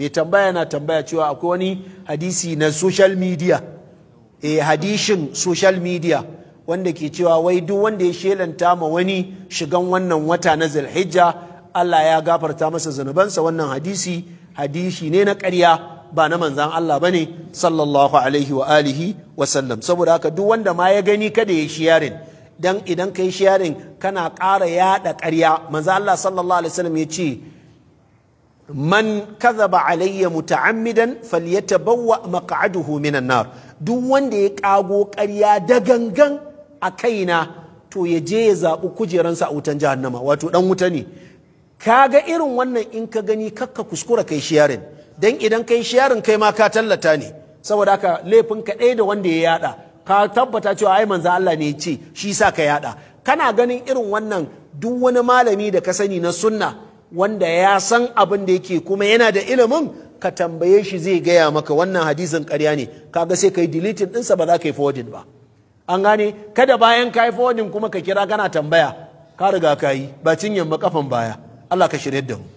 mai tambaya na tambaya cewa akwai wani hadisi na social media e hadishin social media wanda ke cewa wai duk wanda ya shelanta ma wani shigan wannan wata na zulhijja Allah ya gafarta masa zunubansa wannan hadisi hadisi ne na ƙarya ba na manzan Allah ba ne sallallahu alaihi wa alihi wa sallam saboda haka duk wanda ma ya gani kada ya shiyarin dan idan ka yi shiyarin kana ƙara yaɗa ƙarya manzan Allah sallallahu alaihi wa sallam ya ce man kadhaba alayya muta'ammidan maka maq'aduhu minan nar duk wanda ya kago ƙarya da gangan a kaina to ya je ya zaɓi kujeransa a wutan jahannama wato ɗan wuta ne ka ga irin wannan in ka gani kakka kuskura kai shiyarin dan idan kai shiyarin kai ma ka tallata ne saboda haka laifin ka ɗaya da wanda ya yada ka tabbata cewa ai manzo Allah ne ya ce shi sa ka yaɗa kana ganin irin wannan duk wani malami da ka sani na sunna wanda ya san abin da yake kuma yana da ilimin ka tambaye shi zai gaya maka wannan hadisin karya ne kaga sai ka yi deleting ɗinsa ba za ka yi forwarding ba an gane kada bayan ka yi forwarding kuma ka kira kana tambaya ka riga ka yi ba cinyan ba kafan baya Allah ka shirye da mu